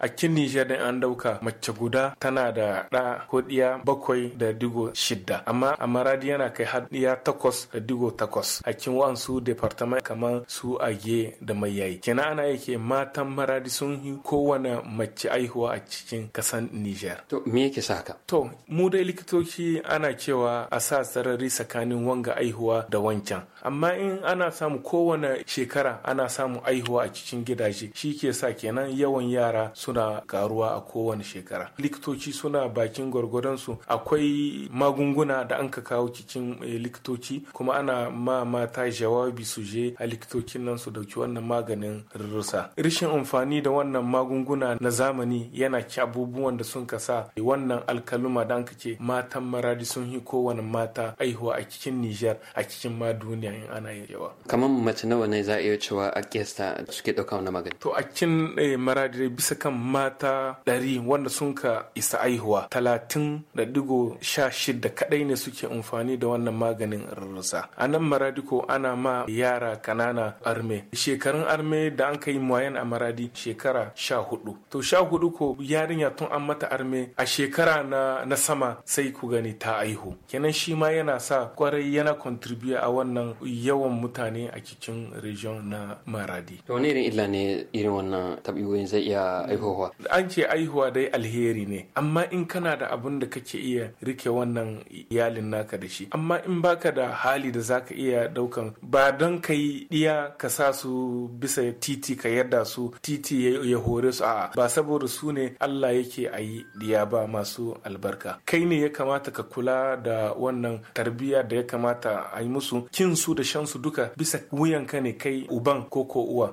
a kin Nijar an dauka mace guda tana da ɗa ko ɗiya bakwai da digo shida amma a maradi yana kai har ɗiya takwas da digo takwas a kin su departament kamar su age da mai yayi ana yake matan maradi sun yi kowane mace aihuwa a cikin kasan Nijar. To me yake haka To mu dai likitoci ana cewa a sa sarari tsakanin wanga aihuwa da wancan amma in ana samu kowane shekara ana samu aihuwa a cikin gidaje shi ke sa kenan yawan yara su suna karuwa a kowane shekara likitoci suna bakin gwargwadonsu akwai magunguna da an ka kawo cikin eh, likitoci kuma ana ma mata jawabi su je a likitocin nan su dauki wannan maganin rusa rishin amfani da wannan magunguna na zamani yana ci abubuwan da sun kasa wannan alkaluma da an ka ce matan maradi sun yi kowane mata aihuwa a cikin nijar a cikin ma duniya in ana yawa kamar mace nawa ne za a iya cewa a kesta suke ɗauka wani magani to a cikin eh, maradi bisa kan mata ɗari wanda sun ka isa aihuwa talatin da digo sha shida kaɗai ne suke amfani da wannan maganin rarrasa a nan ko ana ma yara kanana arme shekarun arme da an yi mayan a maradi shekara sha hudu to sha hudu ko yarinya tun an mata arme a shekara na, na sama sai ku gani ta aihu kenan shi ma yana sa kwarai yana contribute a wannan yawan mutane a cikin region na maradi to ne irin illa ne irin wannan tabiwoyin zai iya aiho aihuwa an ce aihuwa dai alheri ne amma in kana da abin da kake iya rike wannan iyalin naka da shi amma in baka da hali da zaka iya daukan ba don ka yi diya ka sa su bisa titi ka yarda su titi ya hore su a'a ba saboda su ne Allah yake a yi diya ba masu albarka kai ne ya kamata ka kula da wannan tarbiyya da ya kamata a yi musu kin da shansu duka bisa wuyanka ne kai uban ko ko uwa